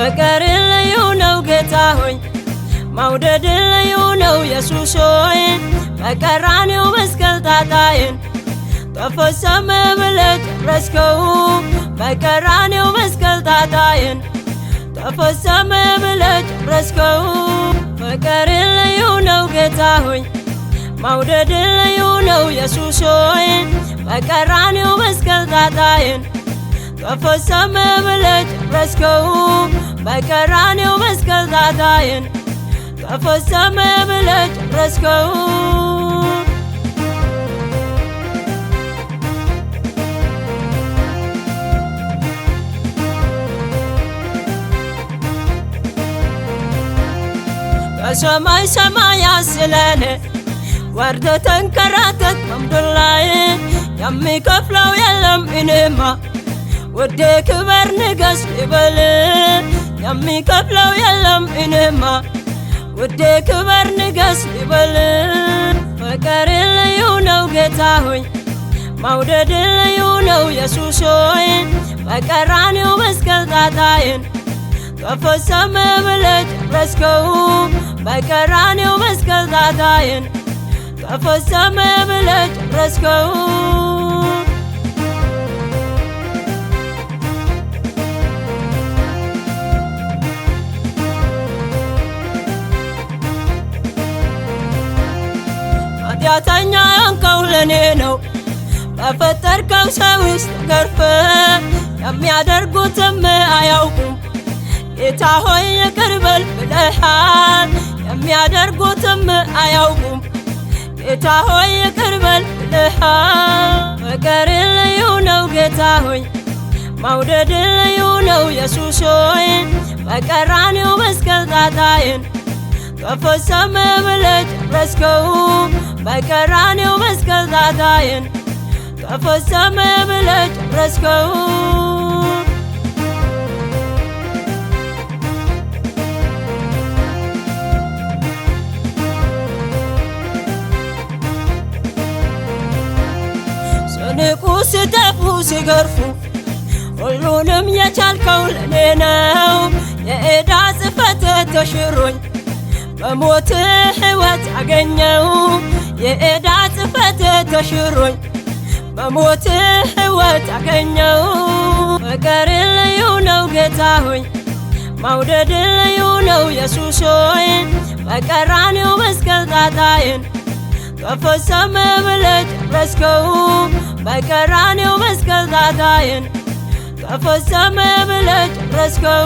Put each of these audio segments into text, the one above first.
ፍቅር ልዩ ነው ጌታ ሆይ መውደድ ልዩ ነው ኢየሱስ ሆይ በቀራንዮ መስቀል ጣጣዬን ተፈጸመ ብለህ ጨረስከው በቀራንዮ መስቀል ጣጣዬን ተፈጸመ ብለህ ጨረስከው ፍቅር ልዩ ነው ጌታ ሆይ መውደድ ልዩ ነው ኢየሱስ ሆይ በቀራንዮ መስቀል ጣጣዬን ተፈጸመ ብለህ ጨረስከው በቀራኔው መስቀል ጣጣዬን ከፈጸመ ብለህ ጨረስከው። ከሰማይ ሰማያት ስለኔ ወርደህ ተንከራተት በምድር ላይ የሚከፍለው የለም። እኔማ ወደ ክበር ንገስ ይበል የሚከፍለው የለም እኔማ ውዴ ክበር ንገስ ሊበል ፍቅር ልዩ ነው ጌታ ሆይ መውደድ ልዩ ነው ኢየሱስ ሆይ በቀራኔው መስቀል ጣጣዬን ተፈጸመ ብለህ ጨረስከው በቀራኔው መስቀል ጣጣዬን ተፈጸመ ብለህ ጨረስከው እርዳታኛ ያንከው ለኔ ነው በፈጠርከው ሰው ውስጥ ገርፈ የሚያደርጉትም አያውቁም። ጌታ ሆይ ይቅር በል ብለሃል፣ የሚያደርጉትም አያውቁም። ጌታ ሆይ ይቅር በል ብለሃል። ፍቅር ልዩ ነው ጌታ ሆይ መውደድ ልዩ ነው ኢየሱስ ሆይ በቀራንዮ መስቀል ጣጣዬን ከፈጸመ ብለህ ጨረስከው በቀራኔው መስቀል ታታይን ተፈጸመ ብለህ ጨረስከው። ስንቁ ሲተፉ ሲገርፉ ሁሉንም የቻልከው ለኔ ነው የዕዳ ጽፈት ተሽሮኝ በሞት ሕይወት አገኘው የዕዳ ጽፈት ተሽሮኝ በሞት ሕይወት አገኘው ፍቅር ልዩ ነው ጌታ ሆይ መውደድ ልዩ ነው ኢየሱስ ሆይ በቀራኔው መስቀል ጣጣዬን ተፈጸመ ብለህ ጨረስከው በቀራኔው መስቀል ጣጣዬን ተፈጸመ ብለህ ጨረስከው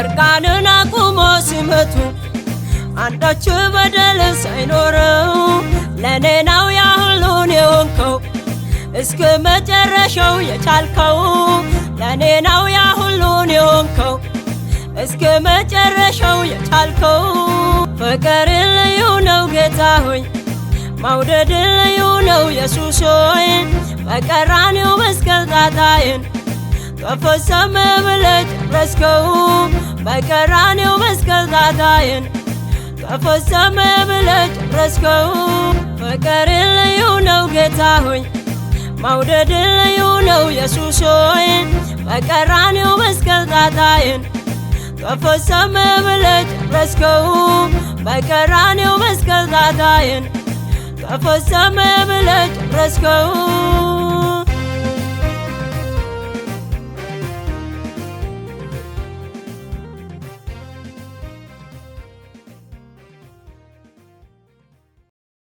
እርቃንን አቁሞ ሲመቱ አንዳች በደል ሳይኖረው ለእኔ ነው ያሁሉን የሆንከው እስከ መጨረሻው የቻልከው ለእኔ ነው ያሁሉን የሆንከው እስከ መጨረሻው የቻልከው ፍቅር ልዩ ነው ጌታ ሆይ መውደድ ልዩ ነው ኢየሱስ ሆይ በቀራኔው መስቀል ጣጣዬን ተፈጸመ ብለህ ጨረስከው በቀራኔው መስቀል ጣጣዬን ከፈጸመ ብለህ ጨረስከው። ፍቅር ልዩ ነው ጌታ ሆይ፣ መውደድ ልዩ ነው ኢየሱስ ሆይ። በቀራኔው መስቀል ጣጣዬን ከፈጸመ ብለህ ጨረስከው። በቀራኔው መስቀል ጣጣዬን ከፈጸመ ብለህ ጨረስከው።